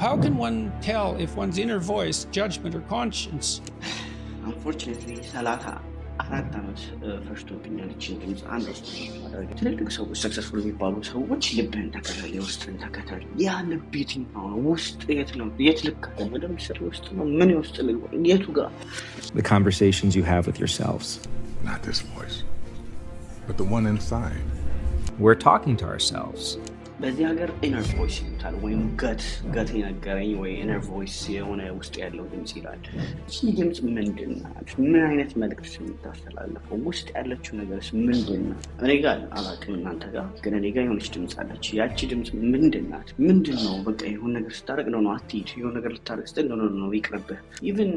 How can one tell if one's inner voice, judgment, or conscience? Unfortunately, Salata አራት ዓመት ፈጅቶብኛለች። ድምፅ አንድ ማድረግ ትልልቅ ሰዎች ሰክሰስፉል የሚባሉ ሰዎች ልብህን ተከተል፣ የውስጥን ተከተል። ያ ልብ የትኛው ነው? ውስጥ የት ነው? የት ልካለ? በደም ስር ውስጥ ነው? ምን የውስጥ ል የቱ ጋር? The conversations you have with yourselves. Not this voice, but the one inside. We're talking to ourselves. በዚህ ሀገር ኢነር ቮይስ ይሉታል፣ ወይም ገት ገት የነገረኝ ወይ ኢነር ቮይስ የሆነ ውስጥ ያለው ድምፅ ይላል። እቺ ድምፅ ምንድን ናት? ምን አይነት መልእክት የምታስተላልፈው? ውስጥ ያለችው ነገርስ ምንድን ናት? እኔ ጋር አላውቅም፣ እናንተ ጋር ግን እኔ ጋር የሆነች ድምፅ አለች። ያቺ ድምፅ ምንድን ናት? ምንድን ነው? በቃ የሆነ ነገር ስታደርግ ነው ነው፣ አትሂድ፣ የሆነ ነገር ልታደርግ ስትል ነው ነው፣ ይቅርብህ። ኢቨን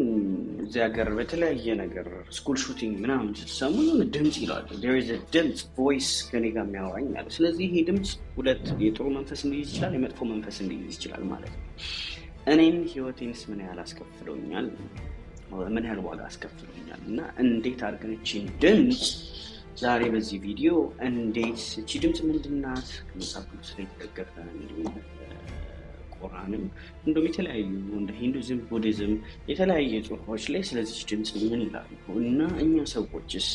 እዚህ ሀገር በተለያየ ነገር ስኩል ሹቲንግ ምናምን ስትሰሙ የሆነ ድምፅ ይላል። ድምፅ ቮይስ ከኔ ጋር የሚያወራኝ አለ። ስለዚህ ይሄ ድምፅ ሁለት የጥሩ መንፈስ ሊይዝ ይችላል፣ የመጥፎ መንፈስ ሊይዝ ይችላል ማለት ነው። እኔም ህይወቴንስ ምን ያህል አስከፍለውኛል፣ ምን ያህል ዋጋ አስከፍለውኛል እና እንዴት አርገንችን ድምፅ ዛሬ በዚህ ቪዲዮ እንዴት እቺ ድምፅ ምንድናት ከመጽሐፍ ቅዱስ ላይ የተደገፈ እንዲሁም ቁርአንም እንዲሁም የተለያዩ እንደ ሂንዱዝም፣ ቡዲዝም የተለያየ ጽሁፎች ላይ ስለዚች ድምፅ ምን ይላሉ እና እኛ ሰዎችስ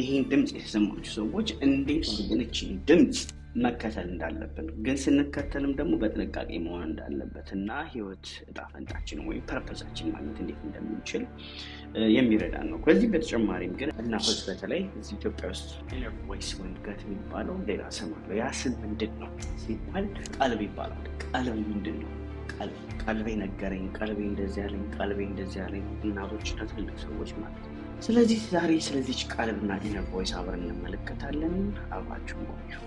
ይህን ድምፅ የተሰማችሁ ሰዎች እንዴት አድርገን ድምፅ መከተል እንዳለብን ግን ስንከተልም ደግሞ በጥንቃቄ መሆን እንዳለበት እና ህይወት እጣፈንታችን ወይም ፐርፐዛችን ማግኘት እንዴት እንደምንችል የሚረዳ ነው። ከዚህ በተጨማሪም ግን እናቶች በተለይ እዚህ ኢትዮጵያ ውስጥ ኢነር ወይም ገት የሚባለው ሌላ ስም አለው። ያ ስም ምንድን ነው ሲባል ቀልብ ይባላል። ቀልብ ምንድን ነው? ቀልቤ ነገረኝ፣ ቀልቤ እንደዚ ያለኝ፣ ቀልቤ እንደዚ ያለኝ እናቶች እና ሰዎች ማለት ነው። ስለዚህ ዛሬ ስለዚች ቀልብና ኢነርቮይስ አብረን እንመለከታለን። አብራችሁ ቆዩ።